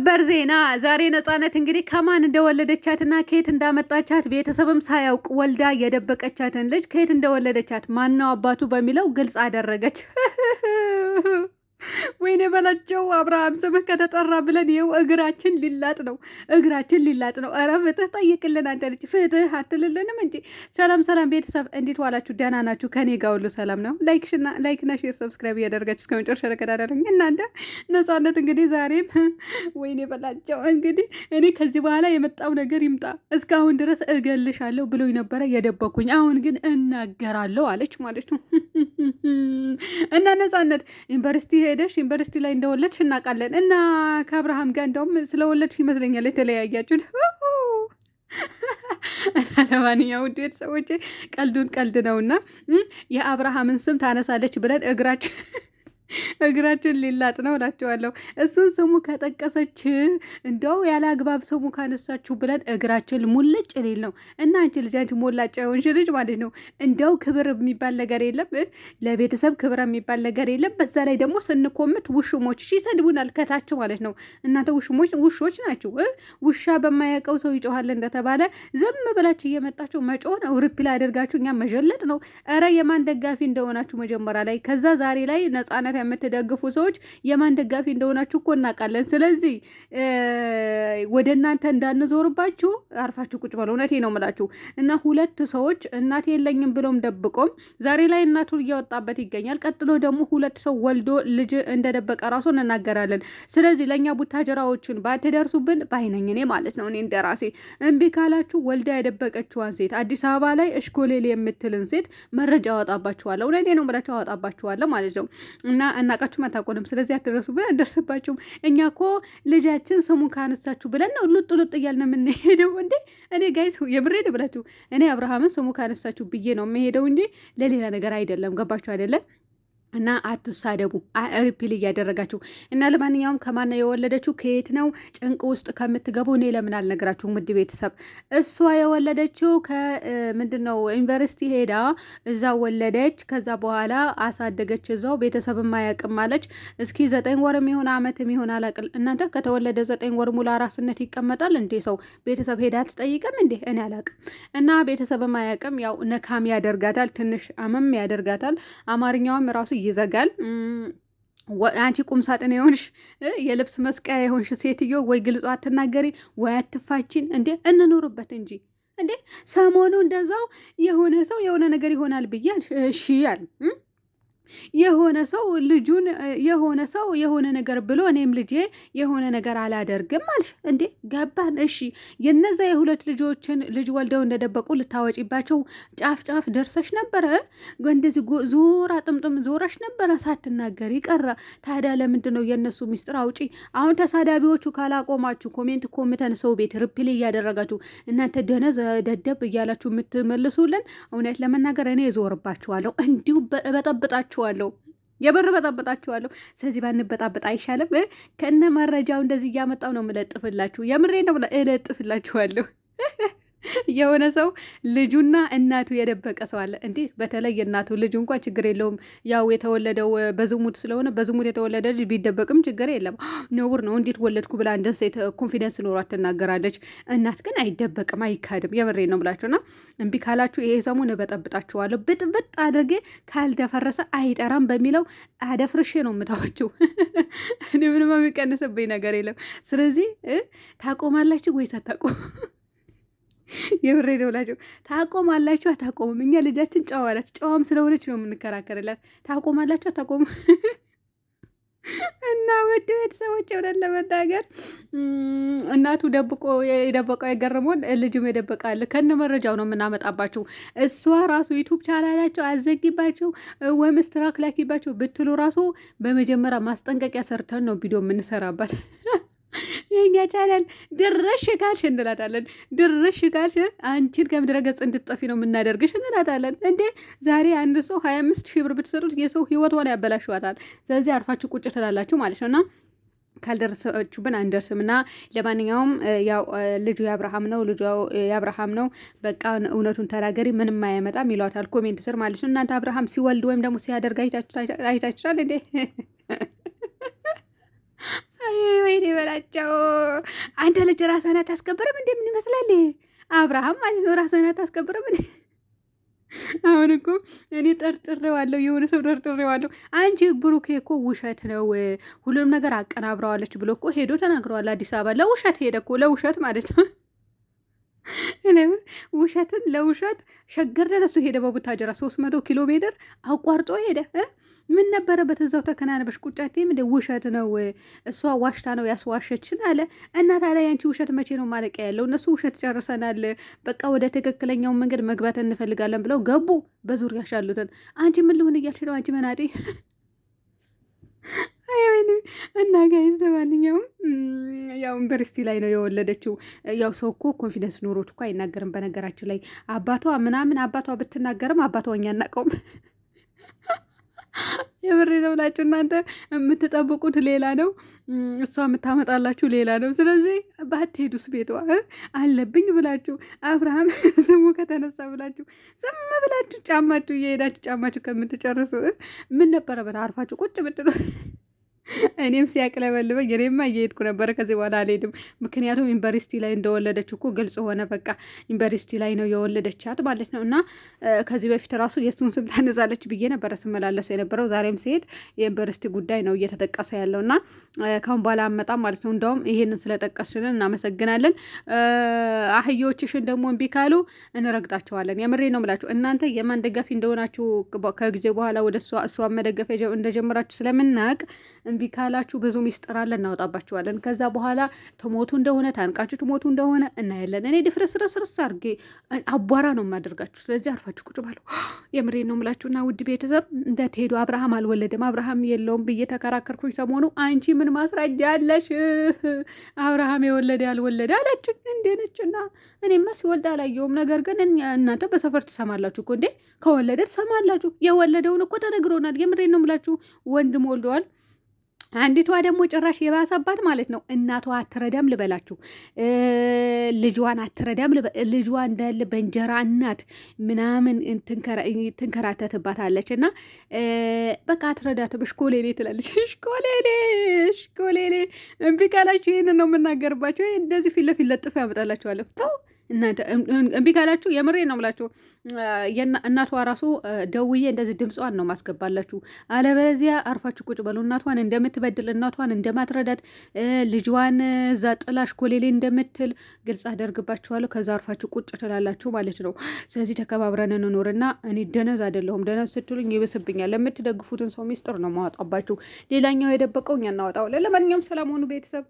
ሰበር ዜና ዛሬ ነፃነት እንግዲህ ከማን እንደወለደቻትና ከየት እንዳመጣቻት ቤተሰብም ሳያውቅ ወልዳ የደበቀቻትን ልጅ ከየት እንደወለደቻት ማናው አባቱ በሚለው ግልጽ አደረገች። ወይኔ በላቸው አብርሃም ስምህ ከተጠራ ብለን ይኸው እግራችን ሊላጥ ነው፣ እግራችን ሊላጥ ነው። ኧረ ፍትህ ጠይቅልን አንተ ልጅ ፍትህ አትልልንም እንጂ። ሰላም ሰላም ቤተሰብ እንዴት ዋላችሁ? ደህና ናችሁ? ከኔ ጋር ሁሉ ሰላም ነው። ላይክና ሼር ሰብስክራይብ እያደረጋችሁ እስከ መጨረሻ ተከታተሉኝ። እናንተ ነፃነት እንግዲህ ዛሬም ወይኔ በላቸው እንግዲህ እኔ ከዚህ በኋላ የመጣው ነገር ይምጣ። እስካሁን ድረስ እገልሻለሁ ብሎኝ ነበረ የደበኩኝ፣ አሁን ግን እናገራለሁ አለች ማለት ነው እና ነፃነት ዩኒቨርሲቲ ሄደሽ ዩኒቨርሲቲ ላይ እንደወለድሽ እናውቃለን እና ከአብርሃም ጋር እንደውም ስለወለድሽ ይመስለኛል የተለያያችሁት። እና ለማንኛውም ውድ ቤተሰቦቼ ቀልዱን ቀልድ ነውና የአብርሃምን ስም ታነሳለች ብለን እግራችን እግራችን ሊላጥ ነው እላቸዋለሁ። እሱን ስሙ ከጠቀሰች እንደው ያለ አግባብ ስሙ ካነሳችሁ ብለን እግራችን ሙልጭ ሌል ነው እና አንቺ ልጅ አንቺ ሞላጫ የሆንሽ ልጅ ማለት ነው። እንደው ክብር የሚባል ነገር የለም፣ ለቤተሰብ ክብር የሚባል ነገር የለም። በዛ ላይ ደግሞ ስንኮምት ውሽሞች ይሰድቡናል ከታች ማለት ነው። እናንተ ውሽሞች ውሾች ናችሁ። ውሻ በማያውቀው ሰው ይጮሃል እንደተባለ ዝም ብላችሁ እየመጣችሁ መጮን ላይ አደርጋችሁ እኛ መጀለጥ ነው። ኧረ የማን ደጋፊ እንደሆናችሁ መጀመሪያ ላይ ከዛ ዛሬ ላይ ነጻነት የምትደግፉ ሰዎች የማን ደጋፊ እንደሆናችሁ እኮ እናውቃለን። ስለዚህ ወደ እናንተ እንዳንዞርባችሁ አርፋችሁ ቁጭ በሉ። እውነቴ ነው የምላችሁ እና ሁለት ሰዎች እናት የለኝም ብሎም ደብቆም ዛሬ ላይ እናቱ እያወጣበት ይገኛል። ቀጥሎ ደግሞ ሁለት ሰው ወልዶ ልጅ እንደደበቀ ራሱ እንናገራለን። ስለዚህ ለእኛ ቡታጀራዎችን ባትደርሱብን ባይነኝ እኔ ማለት ነው። እኔ እንደራሴ እምቢ ካላችሁ ወልዳ የደበቀችዋን ሴት አዲስ አበባ ላይ እሽኮሌል የምትልን ሴት መረጃ አወጣባችኋለሁ። እውነቴ ነው የምላችሁ አወጣባችኋለሁ ማለት ነው እና አናቃችሁም አታቆንም፣ ስለዚህ ብለን አንደርስባችሁም። እኛ ኮ ልጃችን ስሙን ካነሳችሁ ብለን ነው ሉጥ ሉጥ እያልን የምንሄደው። እንዴ እኔ ጋይስ የምሬድ ብላችሁ እኔ አብርሃምን ስሙ ካነሳችሁ ብዬ ነው የምሄደው እንጂ ለሌላ ነገር አይደለም። ገባችሁ አይደለም? እና አትሳደቡ ሪፕል እያደረጋችሁ እና ለማንኛውም ከማን የወለደችው ከየት ነው ጭንቅ ውስጥ ከምትገቡ እኔ ለምን አልነገራችሁ ውድ ቤተሰብ እሷ የወለደችው ከምንድን ነው ዩኒቨርሲቲ ሄዳ እዛ ወለደች። ከዛ በኋላ አሳደገች እዛው ቤተሰብ ማያቅም አለች። እስኪ ዘጠኝ ወር የሚሆን አመት የሚሆን አላቅል እናንተ ከተወለደ ዘጠኝ ወር ሙሉ አራስነት ይቀመጣል እንዴ? ሰው ቤተሰብ ሄዳ አትጠይቅም እንዴ? እኔ አላቅም። እና ቤተሰብ ማያቅም ያው ነካም ያደርጋታል፣ ትንሽ አመም ያደርጋታል። አማርኛውም ራሱ ይዘጋል። አንቺ ቁም ሳጥን የሆንሽ የልብስ መስቀያ የሆንሽ ሴትዮ ወይ ግልጽ አትናገሪ ወይ አትፋችን እንዴ! እንኖርበት እንጂ እንዴ! ሰሞኑ እንደዛው የሆነ ሰው የሆነ ነገር ይሆናል ብያል እሺ የሆነ ሰው ልጁን የሆነ ሰው የሆነ ነገር ብሎ እኔም ልጄ የሆነ ነገር አላደርግም አልሽ እንዴ? ገባን። እሺ የነዛ የሁለት ልጆችን ልጅ ወልደው እንደደበቁ ልታወጪባቸው ጫፍ ጫፍ ደርሰሽ ነበረ። እንደዚህ ዞራ ጥምጥም ዞረሽ ነበረ ሳትናገር ይቀረ። ታዲያ ለምንድን ነው የእነሱ ሚስጥር አውጪ? አሁን ተሳዳቢዎቹ ካላቆማችሁ ኮሜንት ኮምተን ሰው ቤት ርፕሌ እያደረጋችሁ እናንተ ደነዝ ደደብ እያላችሁ የምትመልሱልን እውነት ለመናገር እኔ ዞርባችኋለሁ፣ እንዲሁ በጠብጣችሁ በጠብጣችኋለሁ የበር በጣበጣችኋለሁ። ስለዚህ ባንበጣበጥ አይሻልም? ከእነ መረጃው እንደዚህ እያመጣው ነው የምለጥፍላችሁ። የምሬ ነው እለጥፍላችኋለሁ። የሆነ ሰው ልጁና እናቱ የደበቀ ሰው አለ። እንዲህ በተለይ እናቱ ልጁ እንኳ ችግር የለውም ያው የተወለደው በዝሙት ስለሆነ በዝሙት የተወለደ ልጅ ቢደበቅም ችግር የለም ነውር ነው። እንዴት ወለድኩ ብላ እንደ ሴት ኮንፊደንስ ኖሯ ትናገራለች። እናት ግን አይደበቅም፣ አይካድም። የምሬ ነው ብላችሁና እምቢ ካላችሁ ይሄ ሰሞን እበጠብጣችኋለሁ። ብጥብጥ አድርጌ ካልደፈረሰ አይጠራም በሚለው አደፍርሼ ነው የምታወችው። እኔ ምንም የሚቀንስብኝ ነገር የለም። ስለዚህ ታቆማላችሁ ወይስ አታቆም? የብሬ ደውላቸው ታቆማላችሁ አታቆሙም? እኛ ልጃችን ጨዋ ናት። ጨዋም ስለሆነች ነው የምንከራከርላት። ታቆማላችሁ አታቆሙ እና ውድ ቤተሰቦች እውነት ለመናገር እናቱ ደብቆ የደበቀው የገረመውን ልጅም የደበቃል። ከነ መረጃው ነው የምናመጣባቸው። እሷ ራሱ ዩቱብ ቻናላቸው አዘጊባቸው ወይም ስትራክ ላኪባቸው ብትሉ ራሱ በመጀመሪያ ማስጠንቀቂያ ሰርተን ነው ቪዲዮ የምንሰራባት። ቻናል ድረሽ ካልሽ እንላታለን። ድረሽ ካልሽ አንቺን ከምድረገጽ እንድትጠፊ ነው የምናደርግሽ እንላታለን። እንዴ ዛሬ አንድ ሰው ሀያ አምስት ሺህ ብር ብትሰጡት የሰው ህይወት ሆነ ያበላሽዋታል። ስለዚህ አርፋችሁ ቁጭ ትላላችሁ ማለት ነውና ካልደረሰችሁብን አንደርስም እና ለማንኛውም ያው ልጁ የአብርሃም ነው፣ ልጁ የአብርሃም ነው፣ በቃ እውነቱን ተናገሪ ምንም አያመጣም ይሏታል ኮሜንት ስር ማለት ነው። እናንተ አብርሃም ሲወልድ ወይም ደግሞ ሲያደርግ አይታችኋል እንዴ? ወይኔ በላቸው። አንተ ልጅ ራስህን አታስከብርም? ምን ይመስላል አብርሃም ማለት ነው። ራስህን አታስከብርም? አሁን እኮ እኔ ጠርጥሬዋለሁ፣ የሆነ ሰው ጠርጥሬዋለሁ። አንቺ ብሩኬ እኮ ውሸት ነው ሁሉንም ነገር አቀናብረዋለች ብሎ እኮ ሄዶ ተናግረዋል። አዲስ አበባ ለውሸት ሄደ እኮ ለውሸት ማለት ነው። እኔም ውሸትን ለውሸት ሸገር ደረሱ ሄደ። በቡታጀራ ሶስት መቶ ኪሎ ሜትር አቋርጦ ሄደ። ምን ነበረበት እዛው ተከናንበሽ ቁጫቴ ምንድ ውሸት ነው። እሷ ዋሽታ ነው ያስዋሸችን አለ እና ታዲያ ያንቺ ውሸት መቼ ነው ማለቂያ ያለው? እነሱ ውሸት ጨርሰናል፣ በቃ ወደ ትክክለኛው መንገድ መግባት እንፈልጋለን ብለው ገቡ። በዙሪያሽ ያሉትን አንቺ ምን ልሁን እያልሽ ነው አንቺ መናጤ እና ጋይዝ ለማንኛውም ያው ዩኒቨርሲቲ ላይ ነው የወለደችው። ያው ሰው እኮ ኮንፊደንስ ኖሮት እኮ አይናገርም። በነገራችን ላይ አባቷ ምናምን አባቷ ብትናገርም አባቷ እኛ አናውቀውም። የብሬ ነው ብላችሁ እናንተ የምትጠብቁት ሌላ ነው፣ እሷ የምታመጣላችሁ ሌላ ነው። ስለዚህ ባትሄዱስ ቤቷ አለብኝ ብላችሁ አብርሃም ስሙ ከተነሳ ብላችሁ ዝም ብላችሁ ጫማችሁ እየሄዳችሁ ጫማችሁ ከምትጨርሱ ምን ነበረበት አርፋችሁ ቁጭ ብትሉ እኔም ሲያቅለበልበኝ እኔማ እየሄድኩ ነበረ። ከዚህ በኋላ አልሄድም። ምክንያቱም ዩኒቨርሲቲ ላይ እንደወለደች እኮ ግልጽ ሆነ። በቃ ዩኒቨርሲቲ ላይ ነው የወለደቻት ማለት ነው። እና ከዚህ በፊት ራሱ የእሱን ስም ታነዛለች ብዬ ነበረ ስመላለስ የነበረው። ዛሬም ሲሄድ የዩኒቨርሲቲ ጉዳይ ነው እየተጠቀሰ ያለው እና ካሁን በኋላ አመጣም ማለት ነው። እንደውም ይሄንን ስለጠቀስልን እናመሰግናለን። አህዮችሽን ደግሞ እምቢ ካሉ እንረግጣቸዋለን። የምሬ ነው ምላቸው እናንተ የማን ደጋፊ እንደሆናችሁ ከጊዜ በኋላ ወደ እሷ መደገፍ እንደጀመራችሁ ስለምናውቅ እምቢ ካላችሁ ብዙ ሚስጥር አለ፣ እናወጣባችኋለን። ከዛ በኋላ ትሞቱ እንደሆነ ታንቃችሁ ትሞቱ እንደሆነ እናያለን። እኔ ድፍረስረስርስ አድርጌ አቧራ ነው የማደርጋችሁ። ስለዚህ አርፋችሁ ቁጭ ባሉ። የምሬ ነው የምላችሁና ውድ ቤተሰብ እንደትሄዱ አብርሃም አልወለደም አብርሃም የለውም ብዬ ተከራከርኩኝ ሰሞኑ። አንቺ ምን ማስረጃ አለሽ አብርሃም የወለደ ያልወለደ አለችኝ። እንዴ ነችና እኔማ ሲወልድ አላየውም። ነገር ግን እናንተ በሰፈር ትሰማላችሁ እኮ እንዴ ከወለደ ትሰማላችሁ። የወለደውን እኮ ተነግሮናል። የምሬ ነው የምላችሁ ወንድም ወልደዋል። አንዲቷ ደግሞ ጭራሽ የባሰባት ማለት ነው። እናቷ አትረዳም ልበላችሁ፣ ልጇን አትረዳም። ልጇ እንዳለ በእንጀራ እናት ምናምን ትንከራተትባታለች እና በቃ አትረዳት እሽኮሌሌ ትላለች። እሽኮሌሌ እሽኮሌሌ። እምቢ ካላችሁ ይህንን ነው የምናገርባቸው። እንደዚህ ፊት ለፊት ለጥፍ ያመጣላችኋለሁ። ተው እምቢ ካላችሁ የምሬ ነው ብላችሁ እናቷ ራሱ ደውዬ እንደዚህ ድምፅዋን ነው ማስገባላችሁ። አለበለዚያ አርፋችሁ ቁጭ በሉ። እናቷን እንደምትበድል እናቷን እንደማትረዳት ልጅዋን እዛ ጥላሽ ኮሌሌ እንደምትል ግልጽ አደርግባችኋለሁ። ከዛ አርፋችሁ ቁጭ ትላላችሁ ማለት ነው። ስለዚህ ተከባብረን እንኖርና እኔ ደነዝ አይደለሁም። ደነዝ ስትሉኝ ይብስብኛል። ለምትደግፉትን ሰው ሚስጥር ነው ማወጣባችሁ። ሌላኛው የደበቀው እኛ እናወጣው። ለማንኛውም ሰላም ሆኑ ቤተሰብ።